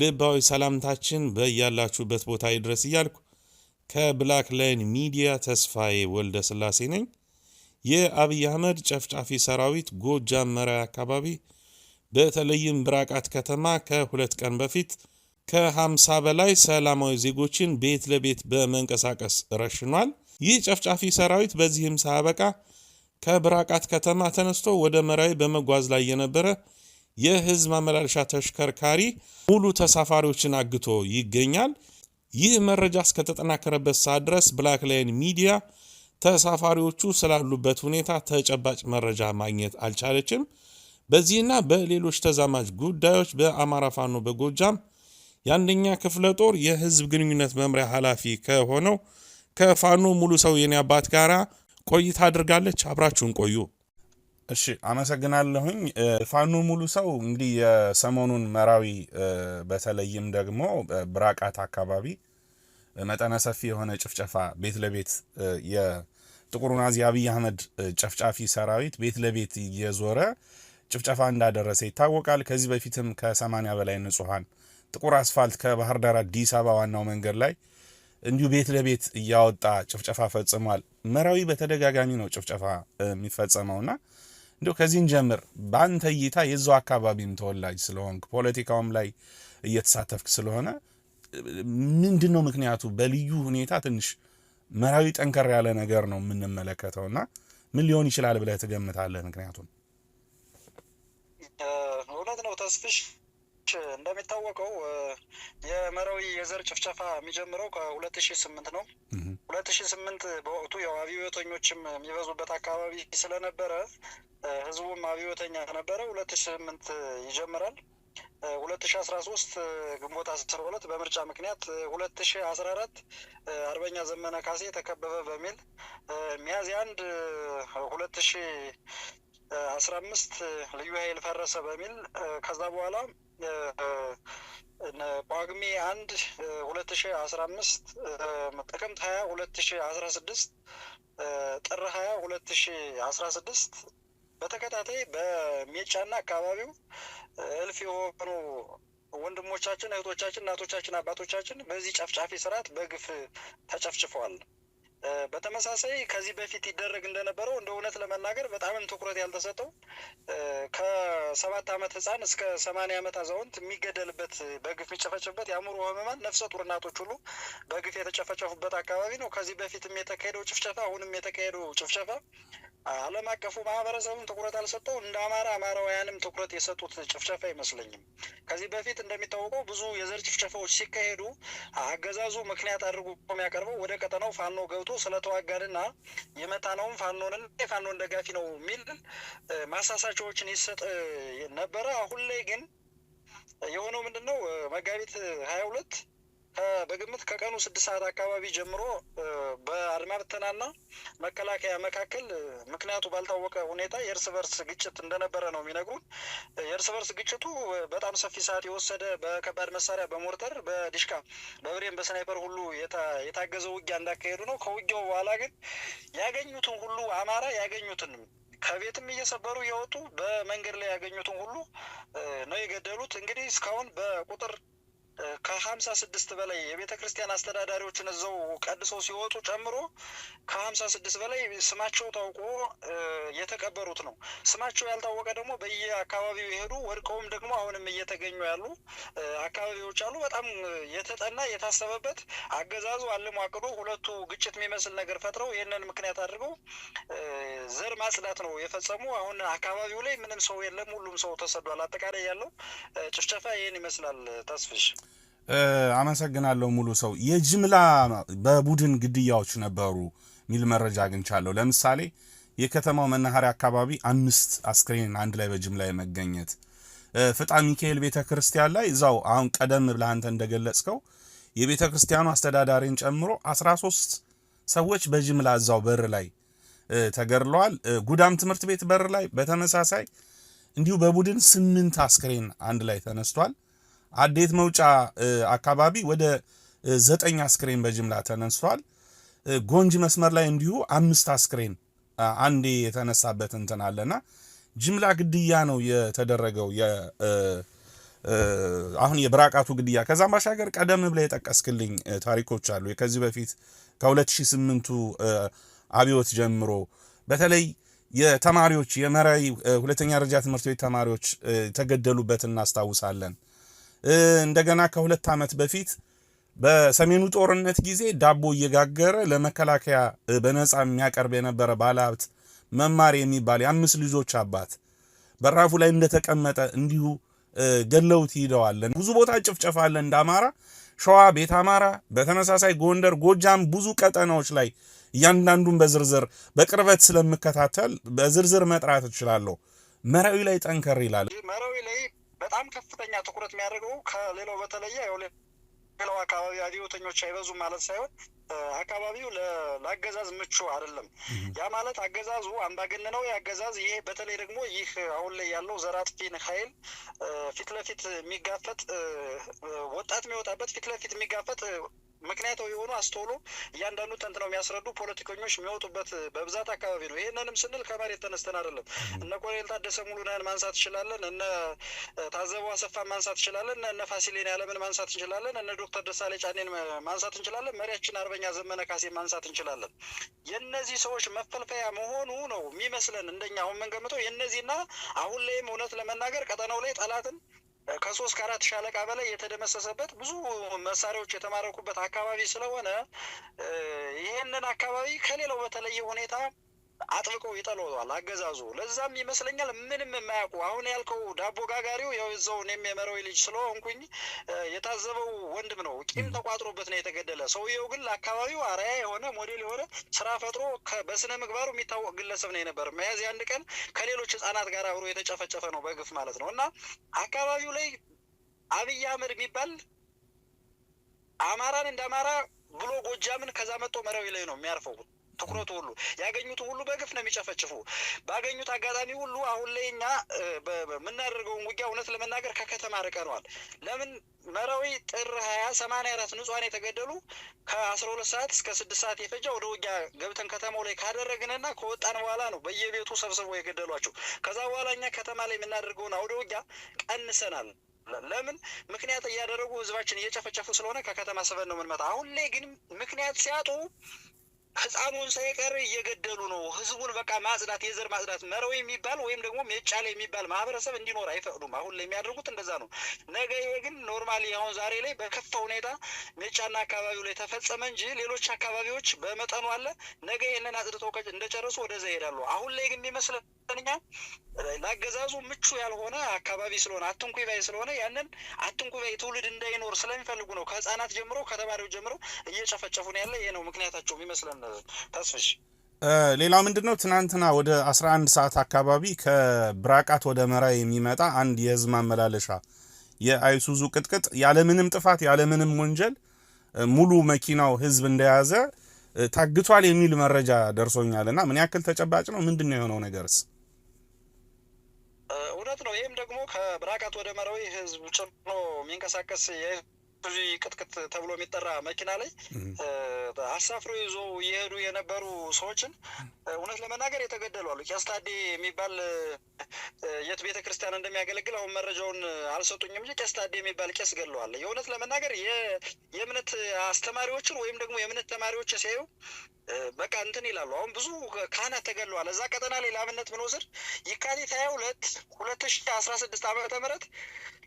ልባዊ ሰላምታችን በያላችሁበት ቦታ ይድረስ እያልኩ ከብላክ ላይን ሚዲያ ተስፋዬ ወልደ ስላሴ ነኝ። የአብይ አህመድ ጨፍጫፊ ሰራዊት ጎጃም መራዊ አካባቢ በተለይም ብራቃት ከተማ ከሁለት ቀን በፊት ከ50 በላይ ሰላማዊ ዜጎችን ቤት ለቤት በመንቀሳቀስ ረሽኗል። ይህ ጨፍጫፊ ሰራዊት በዚህም ሳያበቃ ከብራቃት ከተማ ተነስቶ ወደ መራዊ በመጓዝ ላይ የነበረ የህዝብ ማመላለሻ ተሽከርካሪ ሙሉ ተሳፋሪዎችን አግቶ ይገኛል። ይህ መረጃ እስከተጠናከረበት ሰዓት ድረስ ብላክ ላይን ሚዲያ ተሳፋሪዎቹ ስላሉበት ሁኔታ ተጨባጭ መረጃ ማግኘት አልቻለችም። በዚህና በሌሎች ተዛማጅ ጉዳዮች በአማራ ፋኖ በጎጃም የአንደኛ ክፍለ ጦር የህዝብ ግንኙነት መምሪያ ኃላፊ ከሆነው ከፋኖ ሙሉ ሰው የኔ አባት ጋር ቆይታ አድርጋለች። አብራችሁን ቆዩ። እሺ አመሰግናለሁኝ። ፋኖ ሙሉ ሰው እንግዲህ የሰሞኑን መራዊ በተለይም ደግሞ ብራቃት አካባቢ መጠነ ሰፊ የሆነ ጭፍጨፋ ቤት ለቤት የጥቁሩ ናዚ አብይ አህመድ ጨፍጫፊ ሰራዊት ቤት ለቤት እየዞረ ጭፍጨፋ እንዳደረሰ ይታወቃል። ከዚህ በፊትም ከሰማንያ በላይ ንጹሐን ጥቁር አስፋልት ከባህር ዳር አዲስ አበባ ዋናው መንገድ ላይ እንዲሁ ቤት ለቤት እያወጣ ጭፍጨፋ ፈጽሟል። መራዊ በተደጋጋሚ ነው ጭፍጨፋ የሚፈጸመውና እንዲሁ ከዚህን ጀምር በአንተ እይታ የዛው አካባቢም ተወላጅ ስለሆንክ ፖለቲካውም ላይ እየተሳተፍክ ስለሆነ ምንድን ነው ምክንያቱ? በልዩ ሁኔታ ትንሽ መራዊ ጠንከር ያለ ነገር ነው የምንመለከተው እና ምን ሊሆን ይችላል ብለህ ትገምታለህ? ምክንያቱም እውነት ነው ተስፍሽ ዜጎች እንደሚታወቀው የመራዊ የዘር ጭፍጨፋ የሚጀምረው ከሁለት ሺህ ስምንት ነው። ሁለት ሺ ስምንት በወቅቱ ያው አብዮተኞችም የሚበዙበት አካባቢ ስለነበረ ህዝቡም አብዮተኛ ነበረ። ሁለት ስምንት ይጀምራል። ሁለት ሺህ አስራ ሶስት ግንቦት አስራ ሁለት በምርጫ ምክንያት ሁለት አስራ አራት አርበኛ ዘመነ ካሴ ተከበበ በሚል ሚያዝያ አንድ ሁለት አስራ አምስት ልዩ ኃይል ፈረሰ በሚል ከዛ በኋላ ጳጉሜ አንድ ሁለት ሺ አስራ አምስት ጥቅምት ሀያ ሁለት ሺ አስራ ስድስት ጥር ሀያ ሁለት ሺ አስራ ስድስት በተከታታይ በሜጫና አካባቢው እልፍ የሆኑ ወንድሞቻችን፣ እህቶቻችን፣ እናቶቻችን፣ አባቶቻችን በዚህ ጨፍጫፊ ስርዓት በግፍ ተጨፍጭፈዋል። በተመሳሳይ ከዚህ በፊት ይደረግ እንደነበረው እንደ እውነት ለመናገር በጣምም ትኩረት ያልተሰጠው ከሰባት ዓመት ህፃን እስከ ሰማንያ ዓመት አዛውንት የሚገደልበት በግፍ የሚጨፈጨፍበት የአእምሮ ህመማን ነፍሰ ጡር እናቶች ሁሉ በግፍ የተጨፈጨፉበት አካባቢ ነው። ከዚህ በፊትም የተካሄደው ጭፍጨፋ አሁንም የተካሄደው ጭፍጨፋ ዓለም አቀፉ ማህበረሰቡን ትኩረት አልሰጠው፣ እንደ አማራ አማራውያንም ትኩረት የሰጡት ጭፍጨፋ አይመስለኝም። ከዚህ በፊት እንደሚታወቀው ብዙ የዘር ጭፍጨፋዎች ሲካሄዱ አገዛዙ ምክንያት አድርጎ የሚያቀርበው ወደ ቀጠናው ፋኖ ገብቶ ወጥቶ ስለተዋጋንና የመታነውን ፋኖንን የፋኖን ደጋፊ ነው የሚል ማሳሳቻዎችን ይሰጥ ነበረ። አሁን ላይ ግን የሆነው ምንድን ነው? መጋቢት ሀያ ሁለት በግምት ከቀኑ ስድስት ሰዓት አካባቢ ጀምሮ በአድማ መከላከያ መካከል ምክንያቱ ባልታወቀ ሁኔታ የእርስ በርስ ግጭት እንደነበረ ነው የሚነግሩን። የእርስ በርስ ግጭቱ በጣም ሰፊ ሰዓት የወሰደ በከባድ መሳሪያ፣ በሞርተር፣ በዲሽካ በብሬን፣ በስናይፐር ሁሉ የታገዘ ውጊያ እንዳካሄዱ ነው። ከውጊያው በኋላ ግን ያገኙትን ሁሉ አማራ ያገኙትን ከቤትም እየሰበሩ እየወጡ በመንገድ ላይ ያገኙትን ሁሉ ነው የገደሉት። እንግዲህ እስካሁን በቁጥር ከሀምሳ ስድስት በላይ የቤተ ክርስቲያን አስተዳዳሪዎችን እዛው ቀድሰው ሲወጡ ጨምሮ ከሀምሳ ስድስት በላይ ስማቸው ታውቆ የተቀበሩት ነው። ስማቸው ያልታወቀ ደግሞ በየአካባቢው የሄዱ ወድቀውም ደግሞ አሁንም እየተገኙ ያሉ አካባቢዎች አሉ። በጣም የተጠና የታሰበበት አገዛዙ አልሞ አቅዶ ሁለቱ ግጭት የሚመስል ነገር ፈጥረው ይህንን ምክንያት አድርገው ዘር ማጽዳት ነው የፈጸሙ። አሁን አካባቢው ላይ ምንም ሰው የለም፣ ሁሉም ሰው ተሰዷል። አጠቃላይ ያለው ጭፍጨፋ ይህን ይመስላል። ተስፍሽ አመሰግናለሁ ሙሉ ሰው። የጅምላ በቡድን ግድያዎች ነበሩ የሚል መረጃ አግኝቻለሁ። ለምሳሌ የከተማው መናኸሪያ አካባቢ አምስት አስክሬን አንድ ላይ በጅምላ የመገኘት ፍጣ ሚካኤል ቤተ ክርስቲያን ላይ እዛው አሁን ቀደም ብለህ አንተ እንደገለጽከው የቤተ ክርስቲያኑ አስተዳዳሪን ጨምሮ 13 ሰዎች በጅምላ እዛው በር ላይ ተገድለዋል። ጉዳም ትምህርት ቤት በር ላይ በተመሳሳይ እንዲሁ በቡድን ስምንት አስክሬን አንድ ላይ ተነስቷል። አዴት መውጫ አካባቢ ወደ ዘጠኝ አስክሬን በጅምላ ተነስቷል። ጎንጅ መስመር ላይ እንዲሁ አምስት አስክሬን አንዴ የተነሳበት እንትን አለና ጅምላ ግድያ ነው የተደረገው። አሁን የብራቃቱ ግድያ ከዛም ባሻገር ቀደም ብለ የጠቀስክልኝ ታሪኮች አሉ። ከዚህ በፊት ከ2008ቱ አብዮት ጀምሮ በተለይ የተማሪዎች የመራዊ ሁለተኛ ደረጃ ትምህርት ቤት ተማሪዎች የተገደሉበት እናስታውሳለን። እንደገና ከሁለት ዓመት በፊት በሰሜኑ ጦርነት ጊዜ ዳቦ እየጋገረ ለመከላከያ በነፃ የሚያቀርብ የነበረ ባለሀብት መማር የሚባል የአምስት ልጆች አባት በራፉ ላይ እንደተቀመጠ እንዲሁ ገለውት ሂደዋል። ብዙ ቦታ ጭፍጨፋ እንደ አማራ ሸዋ፣ ቤት አማራ፣ በተመሳሳይ ጎንደር፣ ጎጃም ብዙ ቀጠናዎች ላይ እያንዳንዱን በዝርዝር በቅርበት ስለምከታተል በዝርዝር መጥራት እችላለሁ። መራዊ ላይ ጠንከር ይላል። መራዊ ላይ በጣም ከፍተኛ ትኩረት የሚያደርገው ከሌላው በተለየ ሌላው አካባቢ አብዮተኞች አይበዙ ማለት ሳይሆን አካባቢው ለአገዛዝ ምቹ አይደለም። ያ ማለት አገዛዙ አምባገነናዊ አገዛዝ ይሄ በተለይ ደግሞ ይህ አሁን ላይ ያለው ዘር አጥፊን ኃይል ፊት ለፊት የሚጋፈጥ ወጣት የሚወጣበት ፊት ለፊት የሚጋፈጥ ምክንያታዊ የሆኑ አስተውሎ እያንዳንዱ ተንትነው የሚያስረዱ ፖለቲከኞች የሚወጡበት በብዛት አካባቢ ነው። ይህንንም ስንል ከመሬት ተነስተን አይደለም። እነ ኮሎኔል ታደሰ ሙሉነህን ማንሳት እንችላለን። እነ ታዘቡ አሰፋ ማንሳት እንችላለን። እነ ፋሲሌን ያለምን ማንሳት እንችላለን። እነ ዶክተር ደሳሌ ጫኔን ማንሳት እንችላለን። መሪያችን አርበኛ ዘመነ ካሴ ማንሳት እንችላለን። የእነዚህ ሰዎች መፈልፈያ መሆኑ ነው የሚመስለን እንደኛ አሁን የምንገምተው የእነዚህና አሁን ላይም እውነት ለመናገር ቀጠናው ላይ ጠላትን ከሶስት ከአራት ሻለቃ በላይ የተደመሰሰበት ብዙ መሳሪያዎች የተማረኩበት አካባቢ ስለሆነ ይህንን አካባቢ ከሌላው በተለየ ሁኔታ አጥብቀው ይጠለዋል አገዛዙ። ለዛም ይመስለኛል ምንም የማያውቁ አሁን ያልከው ዳቦ ጋጋሪው ያው እዛው እኔም የመራዊ ልጅ ስለሆንኩኝ የታዘበው ወንድም ነው። ቂም ተቋጥሮበት ነው የተገደለ። ሰውየው ግን ለአካባቢው አርአያ የሆነ ሞዴል የሆነ ስራ ፈጥሮ በስነ ምግባሩ የሚታወቅ ግለሰብ ነው የነበር። መያዝ አንድ ቀን ከሌሎች ህጻናት ጋር አብሮ የተጨፈጨፈ ነው በግፍ ማለት ነው እና አካባቢው ላይ አብይ አህመድ የሚባል አማራን እንደ አማራ ብሎ ጎጃምን ከዛ መጥቶ መረዊ ላይ ነው የሚያርፈው። ትኩረቱ ሁሉ ያገኙት ሁሉ በግፍ ነው የሚጨፈጭፉ ባገኙት አጋጣሚ ሁሉ። አሁን ላይ እኛ የምናደርገውን ውጊያ እውነት ለመናገር ከከተማ ርቀነዋል። ለምን መራዊ ጥር ሀያ ሰማንያ አራት ንጹሐን የተገደሉ ከአስራ ሁለት ሰዓት እስከ ስድስት ሰዓት የፈጃ ወደ ውጊያ ገብተን ከተማው ላይ ካደረግንና ከወጣን በኋላ ነው በየቤቱ ሰብስቦ የገደሏቸው። ከዛ በኋላ እኛ ከተማ ላይ የምናደርገውን አውደ ውጊያ ቀንሰናል። ለምን ምክንያት እያደረጉ ህዝባችን እየጨፈጨፉ ስለሆነ ከከተማ ስበን ነው የምንመጣ። አሁን ላይ ግን ምክንያት ሲያጡ ህፃኑን ሳይቀር እየገደሉ ነው። ህዝቡን በቃ ማጽዳት፣ የዘር ማጽዳት መረው የሚባል ወይም ደግሞ ላይ የሚባል ማህበረሰብ እንዲኖር አይፈቅዱም። አሁን ላይ የሚያደርጉት እንደዛ ነው። ነገ ይሄ ግን ኖርማሊ አሁን ዛሬ ላይ በከፋ ሁኔታ ሜጫና አካባቢው ላይ ተፈጸመ እንጂ ሌሎች አካባቢዎች በመጠኑ አለ። ነገ ይህንን አጽድተው እንደጨረሱ ወደዛ ይሄዳሉ። አሁን ላይ ግን የሚመስለው ኛ ለአገዛዙ ምቹ ያልሆነ አካባቢ ስለሆነ አትንኩኝ ባይ ስለሆነ ያንን አትንኩኝ ባይ ትውልድ እንዳይኖር ስለሚፈልጉ ነው። ከህጻናት ጀምሮ ከተማሪዎች ጀምሮ እየጨፈጨፉ ነው ያለ። ይሄ ነው ምክንያታቸው የሚመስለን። ተስፍሽ ሌላ ምንድን ነው? ትናንትና ወደ 11 ሰዓት አካባቢ ከብራቃት ወደ መራ የሚመጣ አንድ የህዝብ ማመላለሻ የአይሱዙ ቅጥቅጥ ያለምንም ጥፋት ያለምንም ወንጀል ሙሉ መኪናው ህዝብ እንደያዘ ታግቷል የሚል መረጃ ደርሶኛል እና ምን ያክል ተጨባጭ ነው? ምንድን ነው የሆነው ነገርስ? እውነት ነው። ይህም ደግሞ ከብራቃት ወደ መራዊ ህዝብ ጭኖ የሚንቀሳቀስ ብዙ ቅጥቅጥ ተብሎ የሚጠራ መኪና ላይ አሳፍሮ ይዞ እየሄዱ የነበሩ ሰዎችን እውነት ለመናገር የተገደሉ አሉ። ቄስ ታዴ የሚባል የት ቤተ ክርስቲያን እንደሚያገለግል አሁን መረጃውን አልሰጡኝም እ ቄስ ታዴ የሚባል ቄስ ገለዋል። የእውነት ለመናገር የእምነት አስተማሪዎችን ወይም ደግሞ የእምነት ተማሪዎች ሲያዩ በቃ እንትን ይላሉ። አሁን ብዙ ካህናት ተገለዋል። እዛ ቀጠና ላይ ለአብነት ብንወስድ የካቲት ሀያ ሁለት ሁለት ሺ አስራ ስድስት ዓመተ ምህረት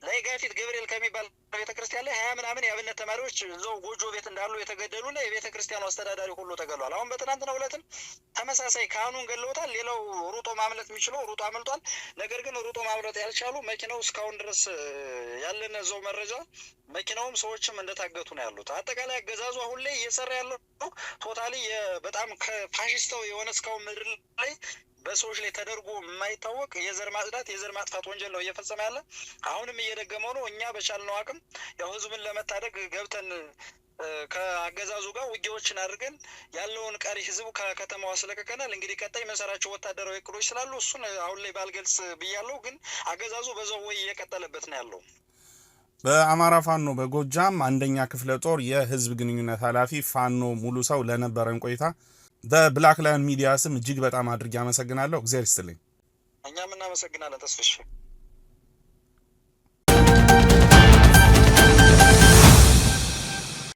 ላይ ጋፊት ገብርኤል ከሚባል ቤተክርስቲያን ላይ ሀያ ምናምን የአብነት ተማሪዎች እዛው ጎጆ ቤት እንዳሉ የተገደሉና የቤተ ክርስቲያኑ አስተዳዳሪ ሁሉ ተገሏል። አሁን በትናንትናው ዕለትም ተመሳሳይ ካህኑን ገለውታል። ሌላው ሩጦ ማምለጥ የሚችለው ሩጦ አምልጧል። ነገር ግን ሩጦ ማምለጥ ያልቻሉ መኪናው እስካሁን ድረስ ያለን እዛው መረጃ መኪናውም ሰዎችም እንደታገቱ ነው ያሉት። አጠቃላይ አገዛዙ አሁን ላይ እየሰራ ያለው ቶታሊ በጣም ፋሽስታዊ የሆነ እስካሁን ምድር ላይ በሰዎች ላይ ተደርጎ የማይታወቅ የዘር ማጽዳት የዘር ማጥፋት ወንጀል ነው እየፈጸመ ያለ። አሁንም እየደገመው ነው። እኛ በቻልነው አቅም ያው ህዝብን ለመታደግ ገብተን ከአገዛዙ ጋር ውጊያዎችን አድርገን ያለውን ቀሪ ህዝብ ከከተማው አስለቅቀናል። እንግዲህ ቀጣይ የምንሰራቸው ወታደራዊ እቅዶች ስላሉ እሱን አሁን ላይ ባልገልጽ ብያለው፣ ግን አገዛዙ በዛው ወይ እየቀጠለበት ነው ያለው። በአማራ ፋኖ በጎጃም አንደኛ ክፍለ ጦር የህዝብ ግንኙነት ኃላፊ ፋኖ ሙሉ ሰው ለነበረን ቆይታ በብላክ ላየን ሚዲያ ስም እጅግ በጣም አድርጌ አመሰግናለሁ። እግዚአብሔር ይስጥልኝ። እኛም እናመሰግናለን ተስፍሽ